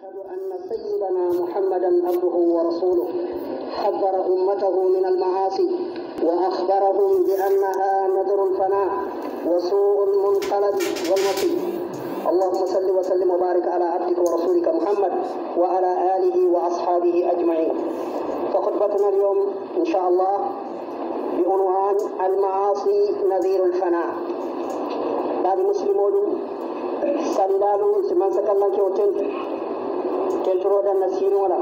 أشهد أن سيدنا محمدا عبده ورسوله حذر أمته من المعاصي وأخبرهم بأنها نذر الفناء وسوء المنقلب والمصير اللهم صل وسلم وبارك على عبدك ورسولك محمد وعلى آله وأصحابه أجمعين فخطبتنا اليوم إن شاء الله بعنوان المعاصي نذير الفناء بعد مسلمون سلالو سمان سكالنا كيوتين da na sinola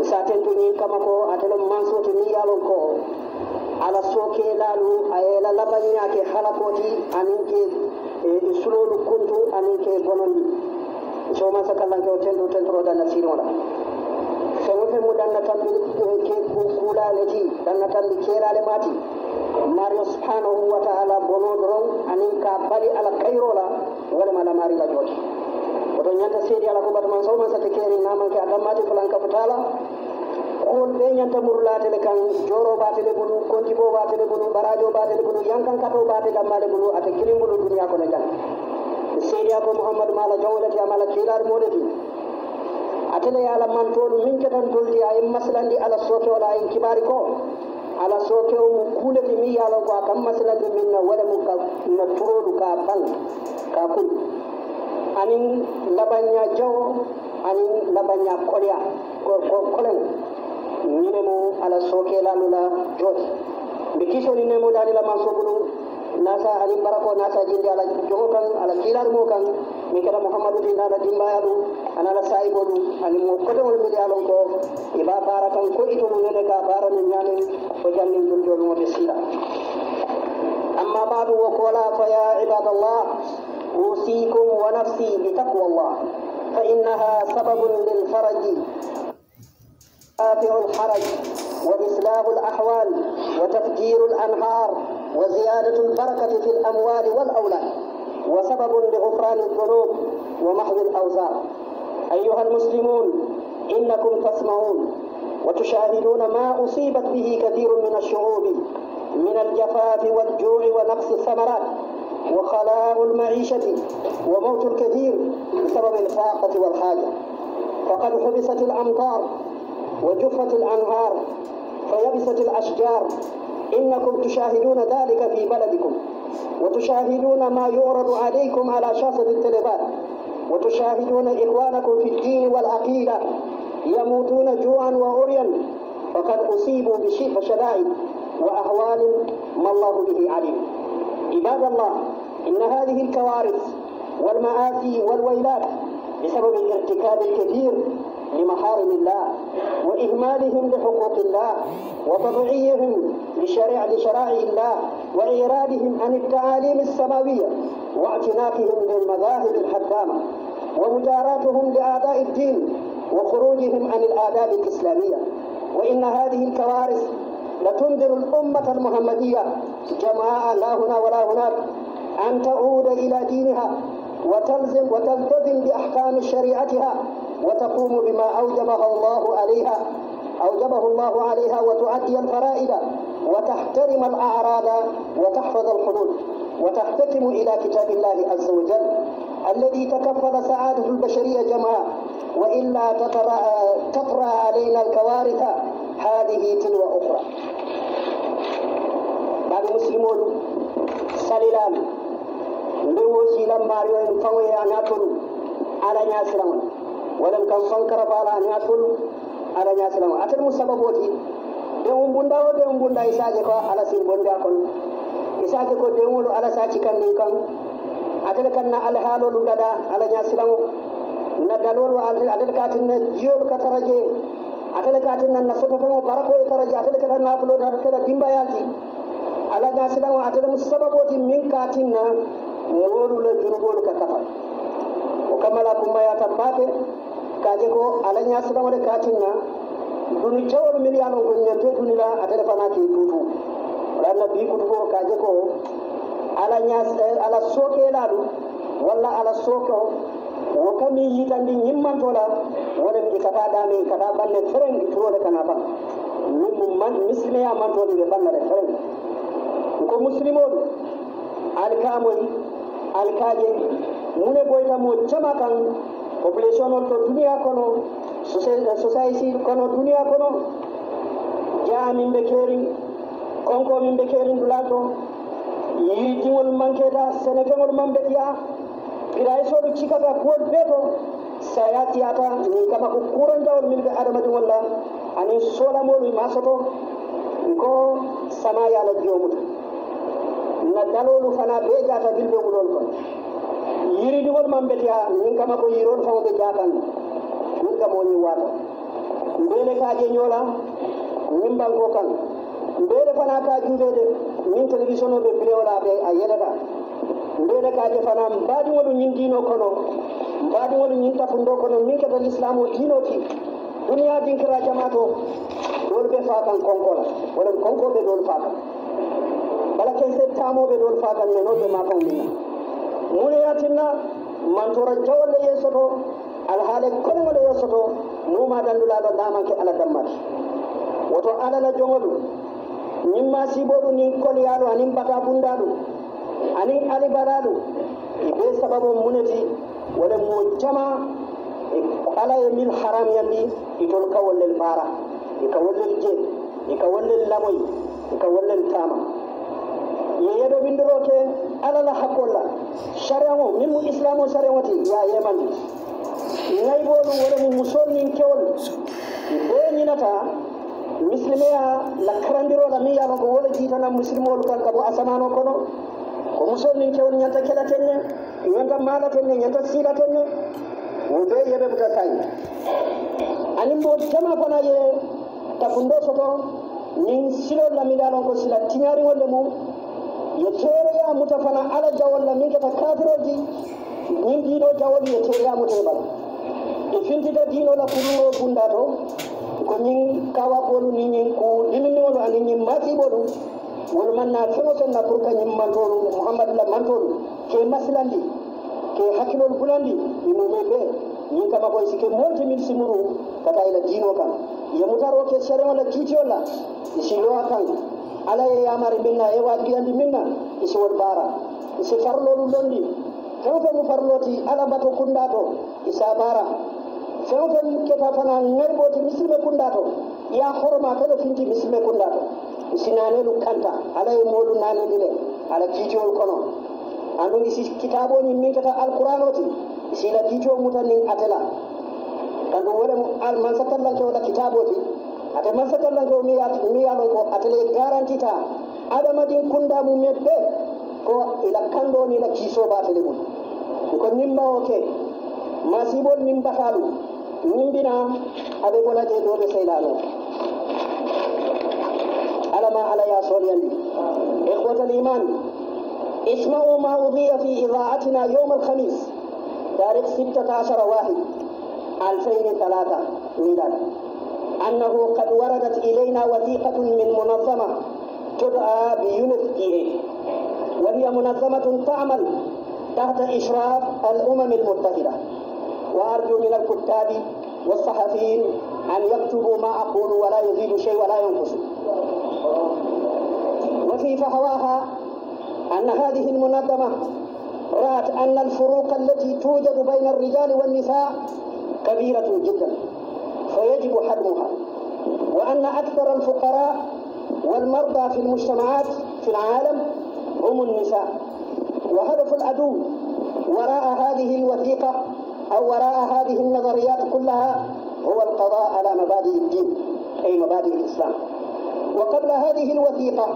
isaten tuñin kama ko atelom mansote ni yalon ko ala soke lalu ayela labaña ke halakoti e anin ke sulolu kuntu anin ke e, e bonondi soma sakallanke o tento da na wala feŋo fe mu danna tambi ke kulale ti danna tambi kerale mati mario subhanahu wa taala bono doron anin ka bali ala kayro la walema la mari la joti. kodonyanta seedi ala ko batman sawma sa tekeri naman ke adammati flanka futala kon be nyanta murulate le kan joro bate le bulu konji bo bate le bulu barajo bate le bulu yankan kato bate damale bulu ate kirim bulu dunya ko nyan seedi ako muhammad mala jawlati amala kilar modati atele yala man todu min ketan doldi ay maslandi ala soto ala en kibari ko ala soto mu um kulati mi yala ko akam maslandi minna wala mu ka na turodu ka bang ka kulu Anin labanya jaw anin labanya kolya ko ko kolen mire mo ala soke la lula jot de kiso ni nemo dali la maso kulu nasa ani barako nasa jindi ala jogo kan ala kilar mo kan mi muhammadu din ala dimba ya du ana la sai bodu ani mo ko do mi dialo ko e ba barakan ko ito mo ne ka baran ni nyale ko jalli dum mo de sila amma babu wa qala fa ya ibadallah أوصيكم ونفسي بتقوى الله فإنها سبب للفرج دافع الحرج وإصلاح الأحوال وتفجير الأنهار وزيادة البركة في الأموال والأولاد وسبب لغفران الذنوب ومحو الأوزار أيها المسلمون إنكم تسمعون وتشاهدون ما أصيبت به كثير من الشعوب من الجفاف والجوع ونقص الثمرات وخلاء المعيشة وموت الكثير بسبب الفاقة والحاجة فقد حبست الأمطار وجفت الأنهار فيبست الأشجار إنكم تشاهدون ذلك في بلدكم وتشاهدون ما يعرض عليكم على شاشة التلفاز وتشاهدون إخوانكم في الدين والعقيدة يموتون جوعا وعريا فقد أصيبوا بشدائد وأهوال ما الله به عليم عباد الله إن هذه الكوارث والمآسي والويلات بسبب الارتكاب الكثير لمحارم الله وإهمالهم لحقوق الله وتضعيهم لشرائع الله وإيرادهم عن التعاليم السماوية واعتناقهم للمذاهب الحكامة ومجاراتهم لأعداء الدين وخروجهم عن الآداب الإسلامية وإن هذه الكوارث لتنذر الأمة المحمدية جماعة لا هنا ولا هناك أن تعود إلى دينها وتلزم وتلتزم بأحكام شريعتها وتقوم بما أوجبها الله عليها أوجبه الله عليها وتؤدي الفرائض وتحترم الأعراض وتحفظ الحدود وتحتكم إلى كتاب الله عز وجل الذي تكفل سعادة البشرية جماعة وإلا تطرأ, تطرأ علينا الكوارث هذه تلو أخرى بعد مسلمون سليلان لوجي لما ريون فوي أن أكل على ناس لهم ولم كان فنكر فعلا أن أكل على ناس ناسلون أتل مسببوتي دون بندا ودون بندا إساجي على سين بندا كن إساجي كو دون على ساتي كان لين كان أتل كان على حالو لندا على ناسلون ነገሎን አደልቃትነት ጂዮል ከተረጀ አደልቃትነት ነፈተፈሞ በረኮ የተረጀ አደልቀተና ብሎ ዳርከለ ዲምባያቲ አለጋ ስለማ አደለም ሰበቦቲ ሚንካቲና ወሩ ለጅሩቦል ከተፈ ወከመላ ኩማያ ተባቴ ካጀኮ አለኛ ስለማ ለካቲነ ዱንቸወል ሚሊያኖ ጎኘቴ ዱኒላ አደለፈና ኬቱቱ ወላነ ቢቁድቦ ካጀኮ አለኛ አለሶ ኬላሉ ወላ አለሶ wakami yiitandi ñimmantola ki kata dami kata balle fereng tuwode kana ban min misileya mantoni ɓe ballade fereng ko musilimoɗu alkamoy alkaje mune mo chama kan population ol to duniya kono society kono duniya kono jaa min ɓe keeri konko min ɓe keeri ndula to yiidiŋol mankeda senefeŋol man ɓe tiya hidayeto ɓe cikata kuwon be to sa ya tiyata kama ko kurandawol min ɓe adamajum walla ani soolamoɗum masoto ko sama yaala jomuda na dalolu fana ɓe jata dilɓe ɓulol kon yiridigol mamɓe tiya min kama ko yiron fama ɓe jatan min kamoni wata mbele kaje ñoola min banko kan mbele fana ka juɗede min télévision oɓe bilewolaɓe a yeɗata gaajo fanam mbaɗi woɗo ñin dino kono mbaɗi woɗo ñin tapundo kono min kada l'islam o dino ki duniya dinkira jamato ɗol ɓe fakan konkola woɗon konkoɓe ɗol fakan kala ken se tamoɓe ɗol fakan meno ɓe makan mina muneyatinna mantora jawolle yesoto alhaale konemole yesoto numa dandulaɗo damake ala dammati woto alala jogoɗum ñimma siɓoɗu nin kolyaɗu anin mbata bunda ɗum Ani anin alibaralu ibe sababu muneti wala mo jama ala ye min haram yandi itol ka wallel mara ika wallel je ika wallel lamoy ika wallel tama yeyeɗo windoro ke ala la hakkolla sharia o min mu islam o sharia oti ya yemandi nayboɗum wala mu musol nin kewol be ñinata mislimeya la karandiroɗa min yalonko wala jiitana muslimol kan ka bo asamano kono ko musol min ñanta kela ten ñanta maala ten ñanta siila ten ne wo be yeɓe buta sañi anin bo jama fana ye tafundo soto nin silol lamidalon ko sila tiñari wolle mum ye teereya muta fana ala jawolla min keta kafirolji nin ɗiɗo jawol ye teereya mutene bala e fintita diinola kuluro gunda to ko ñin kawakolu ni ñin ko liminniwolu ani ñin masiɓolu walma na feŋ feŋ na pour ka ñiŋ mantolu muhamadu la mantolu ke masilandi ke hakkiloolu bulandi inume bee ñiŋ kama koy si ke moolu miŋ simuru ka taa i la diinoo kaŋ ye mutaroo ke sereŋo la kiitiyol la i si loo kaŋ ala ye yaamari miŋ na ye waajibiyandi miŋ na i si wolu baara i si farloolu londi feŋ feŋ mu farloo ti ala bato kundaa to i si a baara feŋ feŋ keta fana ŋariboo ti misilime kundaa to ye a horomaa kele finti misilime kundaa to sinane ɗum kanta alaye moɗum nanadire ala kijowol kono andum isi kitaboji mintata alquran oti isila kijowo muta ni atela tan ɗum woɗe mansatallanke wala kitaboti ate mansatallanke o miyalon ko atele e garanti ta adamadin kunda mumen ɓe ko ila kando ni la kisoba atele mum ko nimma oke masibol min mbata ɗum nimbina aɓe gonaje dode seylano لنا على يا سوريالي إخوة الإيمان اسمعوا ما أضيء في إذاعتنا يوم الخميس تاريخ 16 واحد 2003 ميلاد أنه قد وردت إلينا وثيقة من منظمة تدعى بيونسكي إيه. وهي منظمة تعمل تحت إشراف الأمم المتحدة وأرجو من الكتاب والصحفيين أن يكتبوا ما أقول ولا يزيد شيء ولا ينقص في فهواها أن هذه المنظمة رأت أن الفروق التي توجد بين الرجال والنساء كبيرة جدا فيجب حجمها وأن أكثر الفقراء والمرضى في المجتمعات في العالم هم النساء وهدف العدو وراء هذه الوثيقة أو وراء هذه النظريات كلها هو القضاء على مبادئ الدين أي مبادئ الإسلام وقبل هذه الوثيقة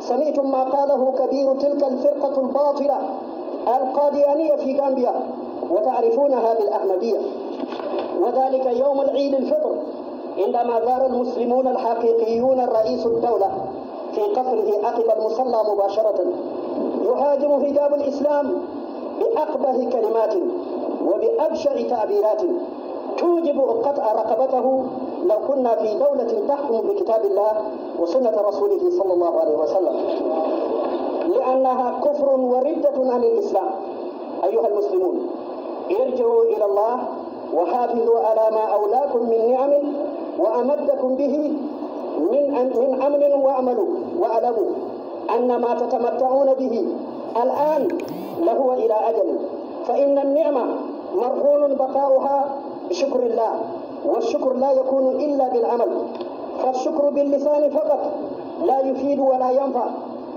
سمعتم ما قاله كبير تلك الفرقة الباطلة القاديانية في غامبيا وتعرفونها بالأحمدية وذلك يوم العيد الفطر عندما زار المسلمون الحقيقيون الرئيس الدولة في قصره عقب المصلى مباشرة يهاجم هجاب الإسلام بأقبه كلمات وبأبشع تعبيرات توجب قطع رقبته لو كنا في دولة تحكم بكتاب الله وسنة رسوله صلى الله عليه وسلم لأنها كفر وردة عن الإسلام أيها المسلمون ارجعوا إلى الله وحافظوا على ما أولاكم من نعم وأمدكم به من من أمن وأملوا وألموا أن ما تتمتعون به الآن لهو إلى أجل فإن النعمة مرهون بقاؤها بشكر الله والشكر لا يكون إلا بالعمل فالشكر باللسان فقط لا يفيد ولا ينفع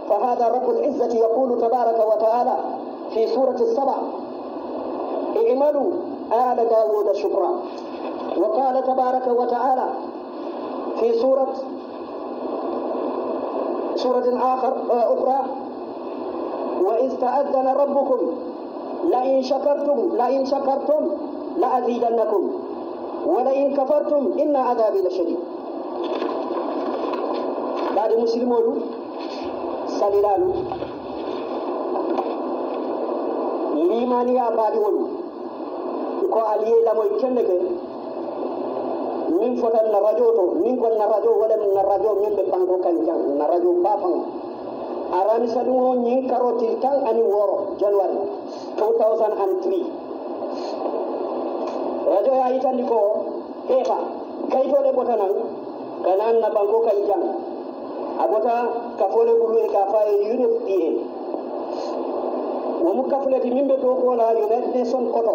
فهذا رب العزة يقول تبارك وتعالى في سورة السبع اعملوا آل داود شكرا وقال تبارك وتعالى في سورة سورة آخر أخرى وإذ تأذن ربكم لئن شكرتم لئن شكرتم لأذيدنكم ولئن كفرتم إن عذابي لشديد بعد المسلمون سليلان ليمان يا بعدون كو علي لا مو كنك من فتن نراجو تو من كن نراجو ولا من نراجو من بانكو كان جان نراجو بافن ارامي سدو نين كاروتي كان اني وورو جانوار 2003 radoya yitandi ko keeta kayitole bota nan kanan na banko kay jan a bota kafole ɓuru e ka faye unesda womu kafuleti min ɓe to kola united koto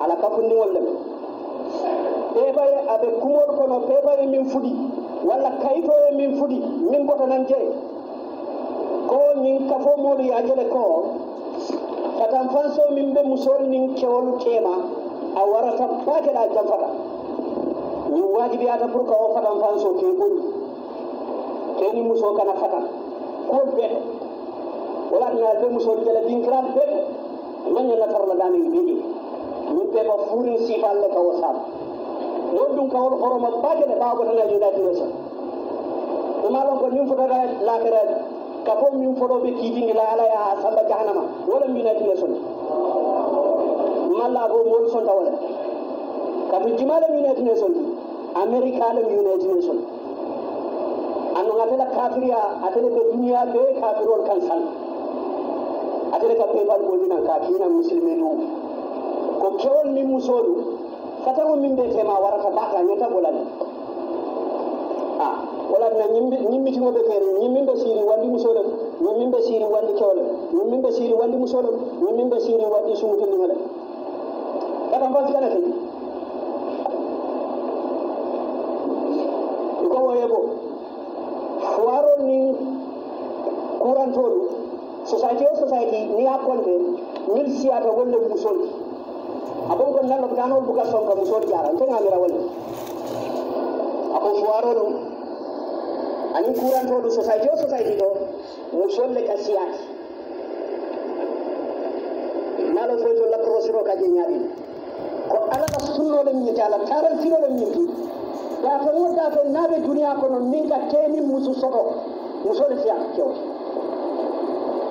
ala kafundiŋol lem peebaye aɓe kumol kono peebaye min fuɗi walla kayitoye min fuɗi min bota nan jee ko nyin kafo moɗo yajele ko katan fanso min ɓe musol nin kewol keema awara tabbate da ta fada ni wajibi ya tafur ka ofa dan fanso ke kun ke ni muso kana fata ko be wala na be muso de la din kran be man na tar la dani be ni ni be ba furin si balle ka wasab non dun ka wol horoma baade ne baago tan ajuda tinesa kuma lon ko nim fodo da la kara ka ko min fodo be kidingi la ala ya samba jahanama wala min atinesa ታላቁ ሞልሶን ተወለ ካብ ሕጂ ማለት ዩናይትድ ኔሽን አሜሪካ ለም ዩናይትድ ኔሽን ano ngatela kafiri atele ko dunia be kafirol kansan atele ka pebal ko dina ka kina muslimi du ko kewol ni musolu fata ko min be tema warata baka nyata bolan ah wala na nyimbi nyimbi tingo be kere nyimbi be siri wandi musolu nyimbi be siri wandi kewol nyimbi be siri wandi musolu nyimbi be siri wandi sumutu akatangaza kana tini iko moyebo waro ni kuran tolu society o society ni a konte mil siyato wonde musol abon kon lan lopitano buka sonka musol jara nte ngamira wonde ako fuwaro nu ani kuran tolu society o society to musol le ka siyati nalo foyto lakrosiro ka je ñaɗini ko alala sunnoɗen miyete ala taran siroɗen miyete ɗafen wo n'a naɓe duniya kono min ka teni musu soto musole siya kewte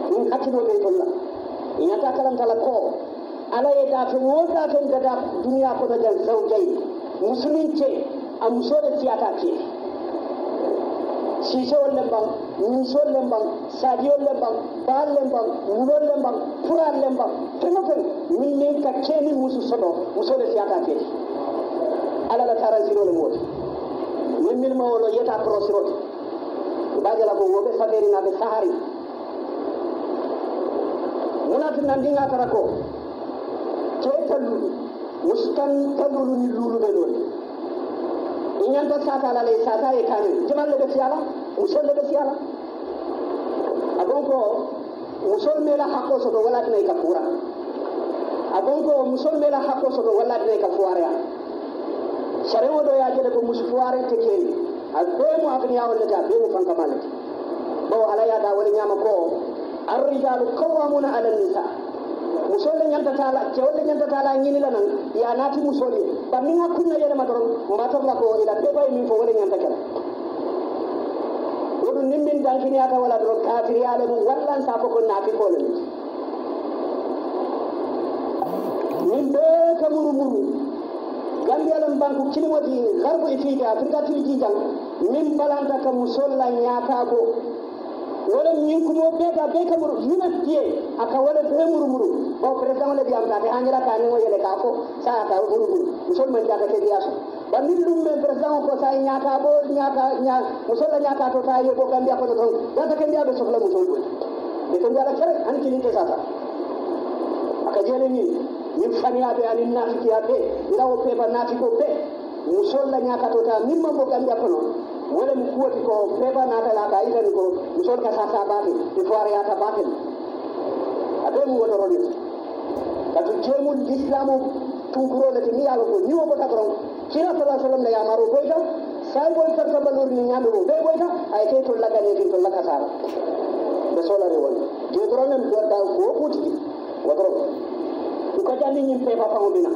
min hakkilo ɓe tolla ñata kalantala ko ala ye ɗafen wo ɗafen gada duniya kono jan sawjayi musulin ce a musole siyata keete ሺሾን ለምባን ሚሾን ለምባን ሳዲዮን ለምባን ባል ለምባን ውሎን ለምባን ቱራን ለምባን ትሙትን ሚሌን ከኬሚን ውሱ ስኖ ውሶለ ሲያካቴ አላለ ታረን ሲኖ ልሞት የሚል መሆኖ የታክሮ ሲሮት ባጀላ ጎወበ ሰፌሪና በሳሃሪ ሙናትና እንዲኛ ተረኮ ኬተሉ ውስተን ተሉሉን ይሉሉ በሎል እኛን በርካታ ላለ ሳታ የካንን ጅማል ለገስ ያላ ውሶን ለገስ ያላ አጎንኮ ውሶን ሜላ ሐቆ ሰዶ ወላድ ነይ ከፉራ አጎንኮ ሙሶን ሜላ ሐቆ ሰዶ ወላድ ነይ ከፉዋሪያ ሰሬ ወዶ ያጀለ ጎ ሙስ ፉዋሬ ተኬን አቤሙ አግንያ ወለዳ ቤሙ ፈንከ ማለት በኋላ ያዳ ወለኛ መኮ አርጃሉ ከዋሙና على ko soole ñantata la cewolle ñantata la ñini la nan ya naati musoni ba mi nga kunna yele ma doron matar la ko ila be bay min fo wala ñanta ah, kala wodo nimmin dal fini ata wala do kaati yaale mu wallan sa ko ko naati ko le min be ka muru muru gambi alam banku cilimo di garbo e fiiga fi ka tiri jijal min balanta ka musolla ñaata ko wala mi ko mo be da be ka mo mi na tie aka wala te mo mo o presa wala bi amta te hanira ka ne mo yele ka ko sa ka mo mo mo so ma ka ka te dia so ba ni dum me presa mo ko sa nya ka bo nya ka nya mo so la nya ka to ka ye ko kan dia ko to da ka kan dia be so la mo so ni kan dia la kare an ki ni te sa sa aka je le ni ni fani ya be ani na fi ya be na o pe ba na fi ko pe mo so la nya ka to ka ni mo ko kan dia ko no wala mi kuwoti ko na naatala ka yitani ko mi sood ka sasa baake mi foireyata baaken aɓe mi wotoronit kadu jeemum l'islamu tukurole te mi yaalo ko niwo bota koron kila sala sallam ne yamaro boyta sai boy tarta balori ni ñaami ko ɓe boyta ay key to laganetin to lakasara ɓe solare won je doronen dodda ko kutigi wotoro ko jalli ñim peefa faŋo dina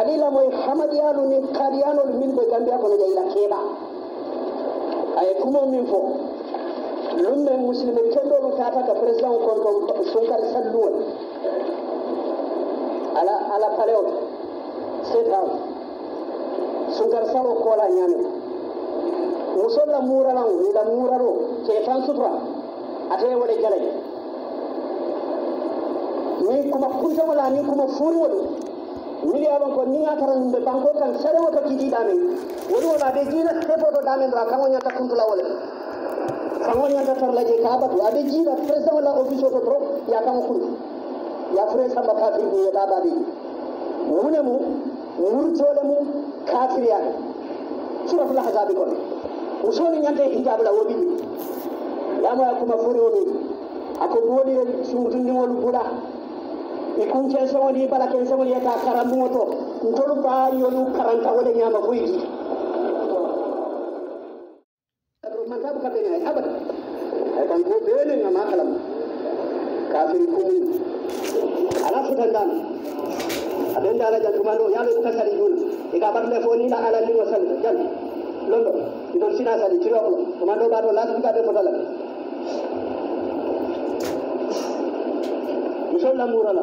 alila moy hamadiyanu ni kadiyanol min kwa gambia kono jeyla keeɗa a ye kuma min fɔ lun bɛ musilimi kɛndolu taata ka peresidan kɔntɔ sunkari salluwol ala ala palewo setan sunkari salo kɔla ɲaami muso la muralan la muralo ketan sutura ate wale jalay ni kuma kuntamola ni kuma furiwolu miliyaban ko ni ngatara himbe banko kan sare wota kiti dami woni wona de jina te foto dami ndra kan wonya ta kuntula wala kan wonya ta tar laje ka bat presa wala ofiso to tro ya kamu ko ya presa ba kafir ni ya baba de wona mu wuru chole mu kafir ya sura fil hazabi ko usoni nyande hijab la wobi ya ma kuma fori woni akko woni sumutundi wolu ikunce sawani balakin sawani ya takara moto ntoru ba yolu karanta wala nya ma buyi karu manta buka bena ai abada ai kan ko bele na ma kalam kafir ku ni ala su dandan adan da ala jantu malo ya lo ta sari dul e ga bakle fo ni la ala ni wasal jan lolo ndo sina sari tiro ko mando ba do lasu ka de ko sol la mura la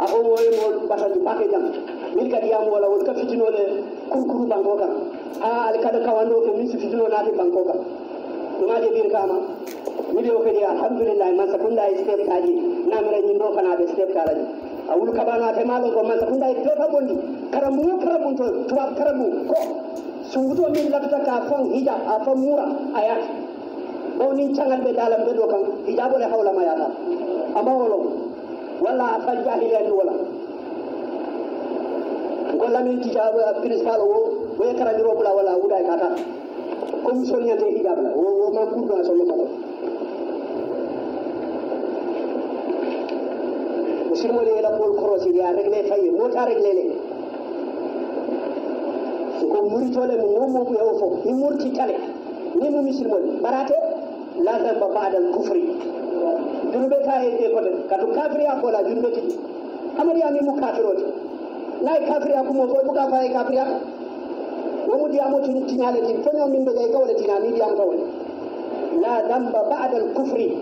a ko wooye moo bata ju pake jam min kadi yaamu wala won ka fitino le kurkuru banko kan a ali kada kawando ke min si fitino naati banko kan duma je bir kama video kadi alhamdulillah man sa kunda e step taji na mere ni ndo kana be step taraji a wul kabana te malo ko man sa kunda e tota bondi karambu karambu to to karambu ko suuto min lakta ka fon hija a fon mura ayat o ni changal be dalam be do kan hija bole hawla ma yaata amawolo ولا أخذ جاهل ولا ولا من تجاب برسالة ويكرا جروب لا ولا ودا كاتا كم سنية تهيجا بلا وما كنا سنية بلا مسلمة لأيلا بول كروسي لأيلا رجلة فايل موتا رجلة لأيلا كم مريتو لأيلا مومو بيهوفو يمورتي تالي نمو مسلمة براتي لازم بابا دل كفري yumɓe e kayete kote kadu kafriya kola yumɓe tii amariyami mo kafirote nayi kafriya kumo fo buka faye kafriya womu diyamo tinale ti foño min ɓegay kawle tinami diyam kawle la damba badal kufri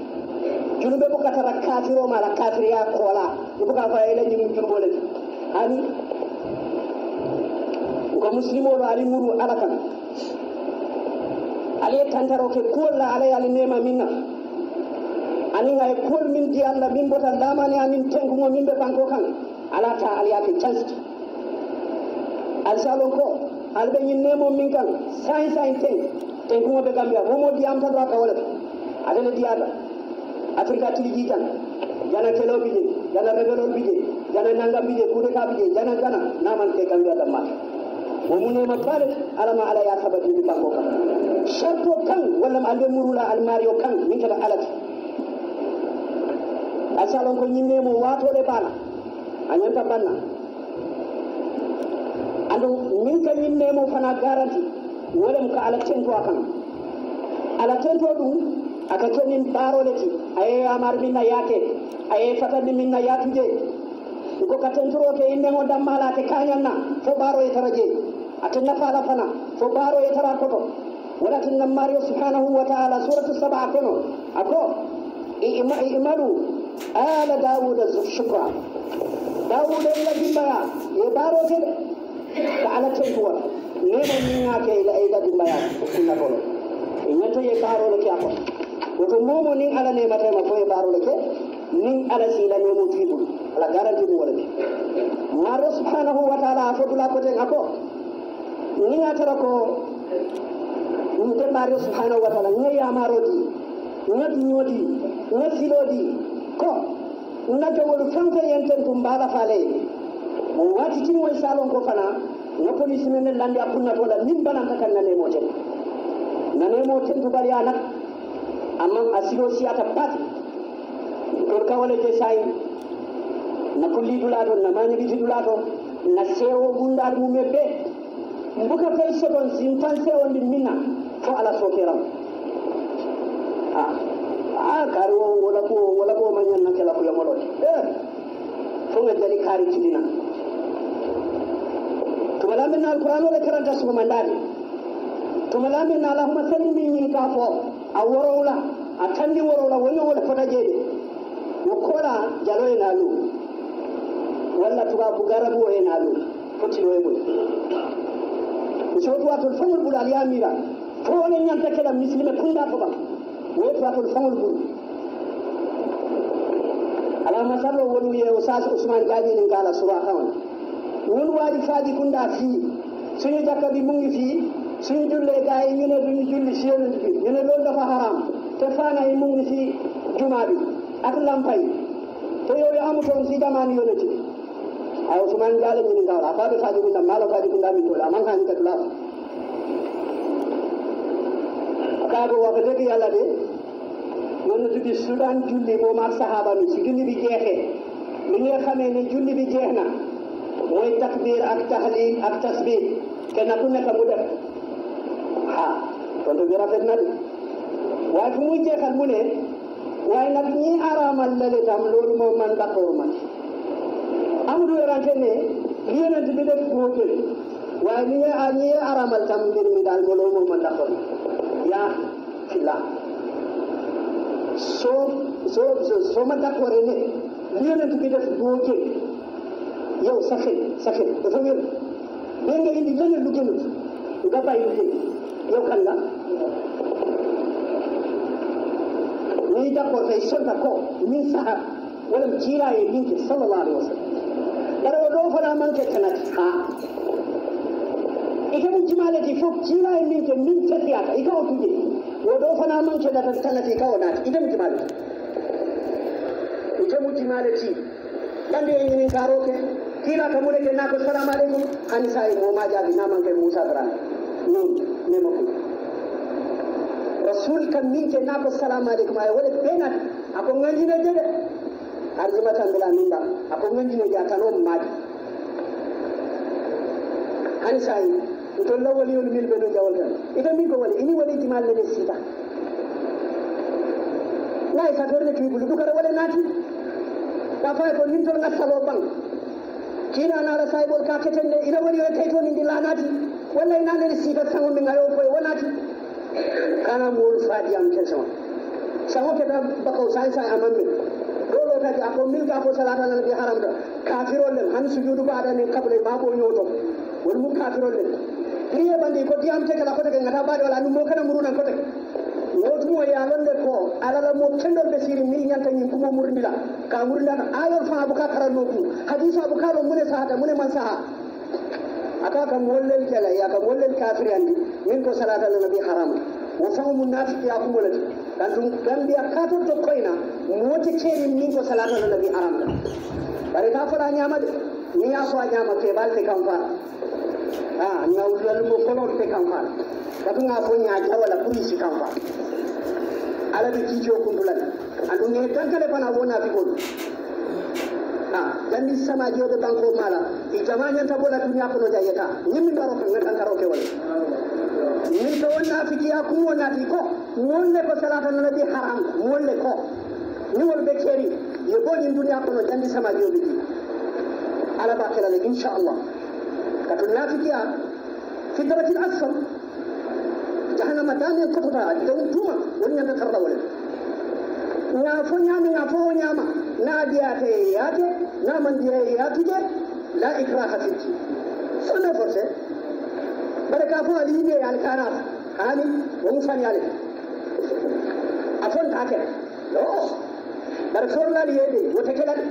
junuɓe bukatara kafiromala kafriya kola i buka fayela e ñimum junbole ti ani ko muslimolo ali muru ala kan aliye tantaro ke kuwolla alay ali nema minna anin hay kol min di allah min bota lamani anin tenkumo min ɓe kanko kan alata alyake cansiti alsalon ko alɓe ñinnemo min kan sahin sahin ten tenkumo ɓe gambiya homo diyam tadra kawole adene diyaɗa africa tiliji kan jana kelo bije jana rebelol bije jana nangam bije kudeka bije jana gana namante gambiya dammata womunema baale alama ala ya sabatindi kanko kan sarto kan walla ma alɓe murula almario kan min kata alati asalon ko wato de bana a ñanta bana ando min ka mo fana garanti mo ko ala tento kan ala tento du aka baro de ti aye amar minna yaake aye na yatu je ko ka ke tentoroke innengo kanyan na fo ɓaroye tara jeeyi ate fala fana fo e tara koto walatin nammario subhanahu wa taala suratu saba ko ako imalu آل داود شكرا داود إلى جمبيا يبارك على تنفور لما نعاك إلى إيدا جمبيا كنا قولوا إن أنت يبارو لك أقوى وتمومو نين على نيمة ما فو يبارو لك نين على سيلا نيمو تيبو على غارانتي مو ولدي ما سبحانه وتعالى أفضل أكوتين أقوى نين أتركو نين ماريو سبحانه وتعالى نين يا مارو دي نين نيو دي ko natewol fenfe yenten tum mbaɗa faalaye o wati timoye salon ko fana no police men landi a punnatoɗa min bananta kan nanemo ten nanemo ten tubal yanat amman a silo siyata pat ton kawalete sayi na kulli dula to na mañigiti dula na sewo gundaɗo mume ɓe mbuka fay soton sin tan sewondi minna fo ala sookeram a ah ha kari wo wala ko wala ko manya na kala ko yamolo eh fonga jali kari kidina tumala min alquran wala karanta su mandani tumala min allahumma salli min ka fo aworola atandi worola wonyo wala fata jede wokola jalo ina lu wala tuba bugarabu ina lu fotilo e mun so to atul fanyo bulal yamira ko wonen nyanta kala muslima kunda to ba يطلق الحول على ما سر ولوي وساس عثمان قادي إن قال صباحون ولوالي فادي كنا فيه suñu jàkka bi mu ngi fii suñu jullee gars yi ñu ne duñu julli si yonent bi ñu ne loolu dafa xaraam te faana yi mu ngi si juma bi ak lampa yi te yooyu amutoon si jamaan yonent bi ay Ousmane Diallo ñu ne ndaw la faabe faadi kunda maalo faadi kunda min diggante su daan julli moom a saxaaba mi su julli bi jeexee li nga xamee julli bi jeex mooy takbir ak tahlil ak ku nekk mu def ah tontu rafet na de waaye fu muy jeexal mu ne waaye nag ñi araamal la tam loolu moom man d'accord man amul ne li yonent bi def moo gën waaye li araamal tam mbir mi daal loolu moom man d'accord yaa la somata korene yonent bi def boo génn yow sa xel sa xel dafa wér mais nga indi leneen lu gënut nga bàyyi lu génn yow kan la ñuy d'accord tey solta ko min saha walam ciiraye ninke sallallahu alayhi wa sallam ɗarawa ɗo fana manke tanati ha ike mu jimaleti fof ciiraye ninke min tatiyata ika o tujee ودوفنا من كذا na ko itolla waliyolu min ɓe ɗo jawol tan ita min ko wali ini wali timal lene siita nayi satorde tuibulu ɗukata wale naati ta faye ko min tol gattalo ban kiina naala sayibol ka ketenne ina wali yo tawi toon indi laanaati walla ina nene siita sango min gayo koye wonaati kana moolu faadiyam kesoma sango keta bakaw sayi sayi aman min ɗolo tagi ako min ka fo salata nan mbi haramta kafirol len han sujudu baɗa nen kabla ma ɓo ñowto won mum kafirol len priya bandi ko diyam te kala ko daga ngana baade wala ɗum mo kana muruna ko daga mo ya lande ko alala mo kendo be siri min ñanta ñin kumo murdila ka na ayol fa abuka karanno ɗum hadis abukaɗo mune sahata mune man saha aka ka wollel kala ya ka wollel kafiri andi min ko salata lanabi harama wo fawmu nafiki ya kumolati kan ɗum gambiya katotto koyna mote cheri min ko salata nabi haram bare ka fola de, ni ya fo a ke balte kan fa ha, na ujua lumbo kolo rite kampala lakini nga ponye aja wala polisi kampala ala di kijo kumbulani ah, andu nye tankale pana wona vikolo ha, jandi sama ajio de banko mala ijamani eh, yanta wala dunia kono jayeta nyimi baroka nga tankaroke wale nyimi wana afikia kumwa na viko mwole kwa salata na nabi haram mwole kwa ni wale bekeri yebo nyimi dunia kono jandi sama ajio de ala bakela le inshallah لكن لا في جهه في الدرجه الاكثر جهنم تاني كفرها دون توما ونيا نكرر ولا يا فنيا يا فنيا ما ناديات يات نامن تي لا إكراه في الدين سنة فرصة بركة علي بي يعني يعني. على كارات هاني ومسان يالي أفن تاكي لا بركة فوالي بي وتكلم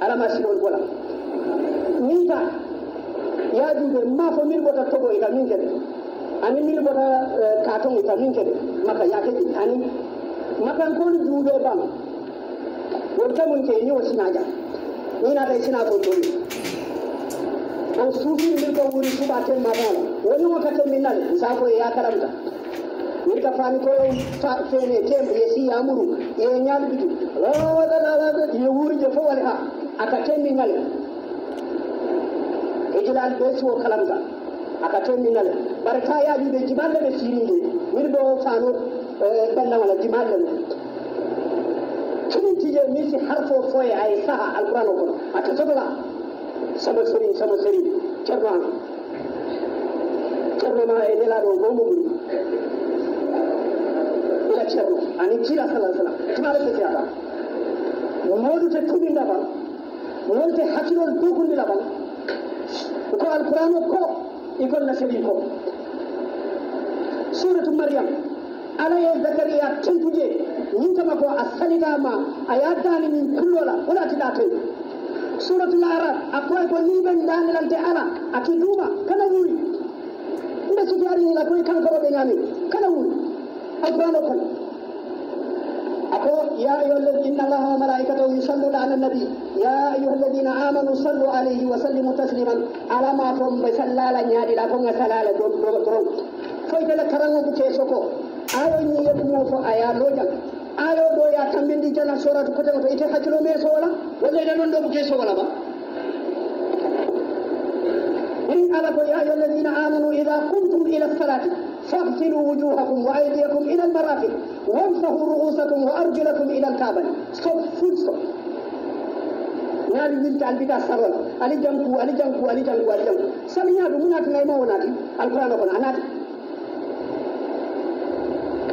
alama sigol ya minta yajude ma fo min bota togo ita min kede ani min bota eh, katon ita min kede maka yake ɗin ani makankol juuɗo bam ta mun ke ni wo sinaja ni na dai sina kon toni on suufir min ko wuri suɓa ten mabala woni wakkate min sa k'o ya yakaramta min ka fani ko fene tembe ye siyamuru ye ñalbitu ye wuurije fo wani ha akatemmingal e e gilal be suwo kalam ngal aka temmingal bara ta yaajude jimalle ɓe sirinde min ɗo fano ɓennawala jimalle men tunintije min si harfo foye ay saha alqouran o kono ata sogola sama seri sama seri ceerno an ceerno ma e n e l a d o gomo ɓuri ila ceerno ani kiila salah sallam jimalle ɓe seyata mawɗute tuɓinda ban wonte hakkilol dugundira man ko alquranu ko e golla seli ko suratu mariam alaye zakariya tentude ñin kama ko a saligama a yaddani min kullola wonatiɗa toy suratul arab a koye ko ni ɓen danirante ala ake duuma kala wuri nde sigi arinila koye kankoroɓe ñami kala wuri alqurano kono عليه يا أيها الذين إن الله وملائكته يصلون على النبي يا أيها الذين آمنوا صلوا عليه وسلموا تسليما على ما فهم بسلالة نيادي لا فهم سلالة دون دون دون فإذا لكرمه بتيسوكو آيو نيب موفو آيا لوجن آيو دويا تنبين جنة سورة كتنة إتي حكرو ميسو ولا ولا يدنون دو بتيسو ولا با إن ألقوا يا أيها الذين آمنوا إذا قمتم إلى الصلاة فاغسلوا وجوهكم وايديكم الى المرافق وانفخوا رؤوسكم وارجلكم الى الكعبه ستوب فول ستوب ناري ولت على البيت الصرول علي جنكو علي جنكو علي جنكو علي جنكو سمعنا دمونات ناي ما وناتي القران قلنا ناتي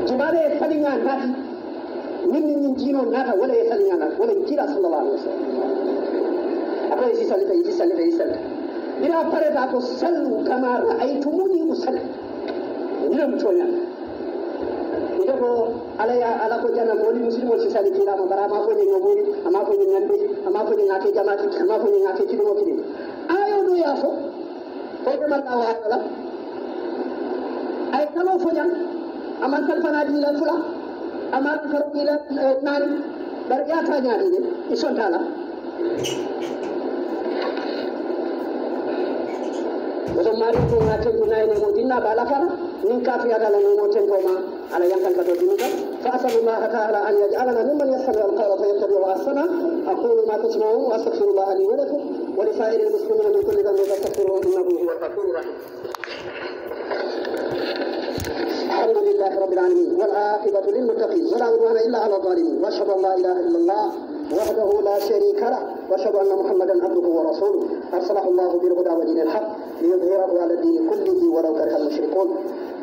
جبالة يتفلنيا ناتي من من من جينو ناتا ولا يتفلنيا ناتا ولا يتفلنيا صلى الله عليه وسلم أقول يجي سالي تا يجي سالي تا يجي سالي بنا فرد أكو سلو كما رأيتموني أسلم ndio mchonya ndio ala ya ala ko jana ko limu simo si sari kira ma barama ko nyi ngomuri ama ko nyi ngambe ama ko nyi ngake jama ki ama ko nyi ngake ki do kiri ayo do ya fo ko ko ma tawa ala ay kalo fo jan aman kal fana di la fula ama ko fo di la nani eh, bar ya ta nya di ni son tala ko mari ko ngate ko nay ne mo dinna bala fara lah. من كافي هذا لنا موتين كوما على ينقل دينك فأسأل الله تعالى أن يجعلنا ممن يستمع القول فيتبع أحسنه أقول ما تسمعون وأستغفر الله لي ولكم ولسائر المسلمين من كل ذنب فاستغفروه إنه هو الغفور الرحيم الحمد لله رب العالمين والعاقبة للمتقين ولا عدوان إلا على الظالمين وأشهد أن لا إله إلا الله وحده لا شريك له واشهد ان محمدا عبده ورسوله ارسله الله بالهدى ودين الحق ليظهره على الدين كله ولو كره المشركون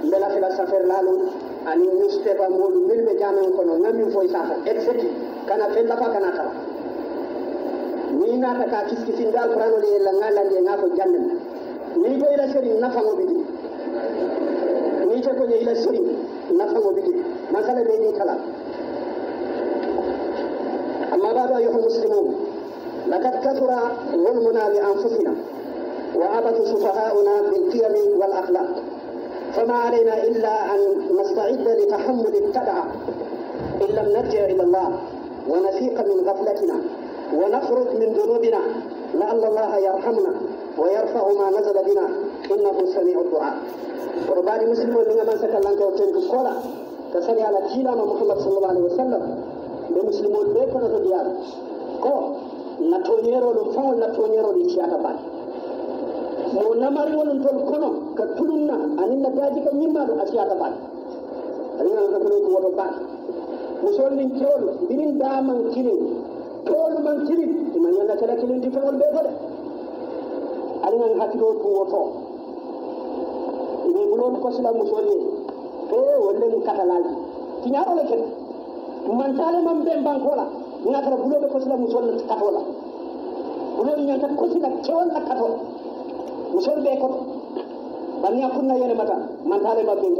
mbela fi la safer la lu ani mustefa moolu mil be jamen kono nga min foy safo exeki kana fella fa kana ta ni na ta ka kiskisi ndal qur'an le la ngala le ngako jannan ni ko ila seri nafa mo bidi ni te ko ila seri nafa mo bidi masala be ni kala amma ba baba ayuha muslimun لقد كثر ظلمنا لانفسنا وعبث سفهاؤنا بالقيم والاخلاق فما علينا إلا أن نستعد لتحمل التبع إن لم نرجع إلى الله ونفيق من غفلتنا ونخرج من ذنوبنا لعل الله يرحمنا ويرفع ما نزل بنا إنه سميع الدعاء قرباني مسلم من من سكن لنك وتنك الصلاة تسني على تيلا محمد صلى الله عليه وسلم بمسلمون بيكونا تديار كو نتونيرو لفون نتونيرو لتياتا باني o lamari wonon toon kono ka tulunna aninna gaaji ka ñimmaɗo a siyata aninanaka kono ko woto baake musol nin kewol mbinin daaman kilin tool man kilin ima ñanda kala fewol ɓe fode aninan hakkilo tun woto ɓe bulon kosila musol ni e wollen katalaaji tiñaɗole kene mantale man ɓe bankola ŋatara buloɓe kosila musol katola bulon ñanta kosila kewol la katola muso bɛɛ kɔrɔ bari ni a kunna yɛlɛmata man t'ale ma bɛn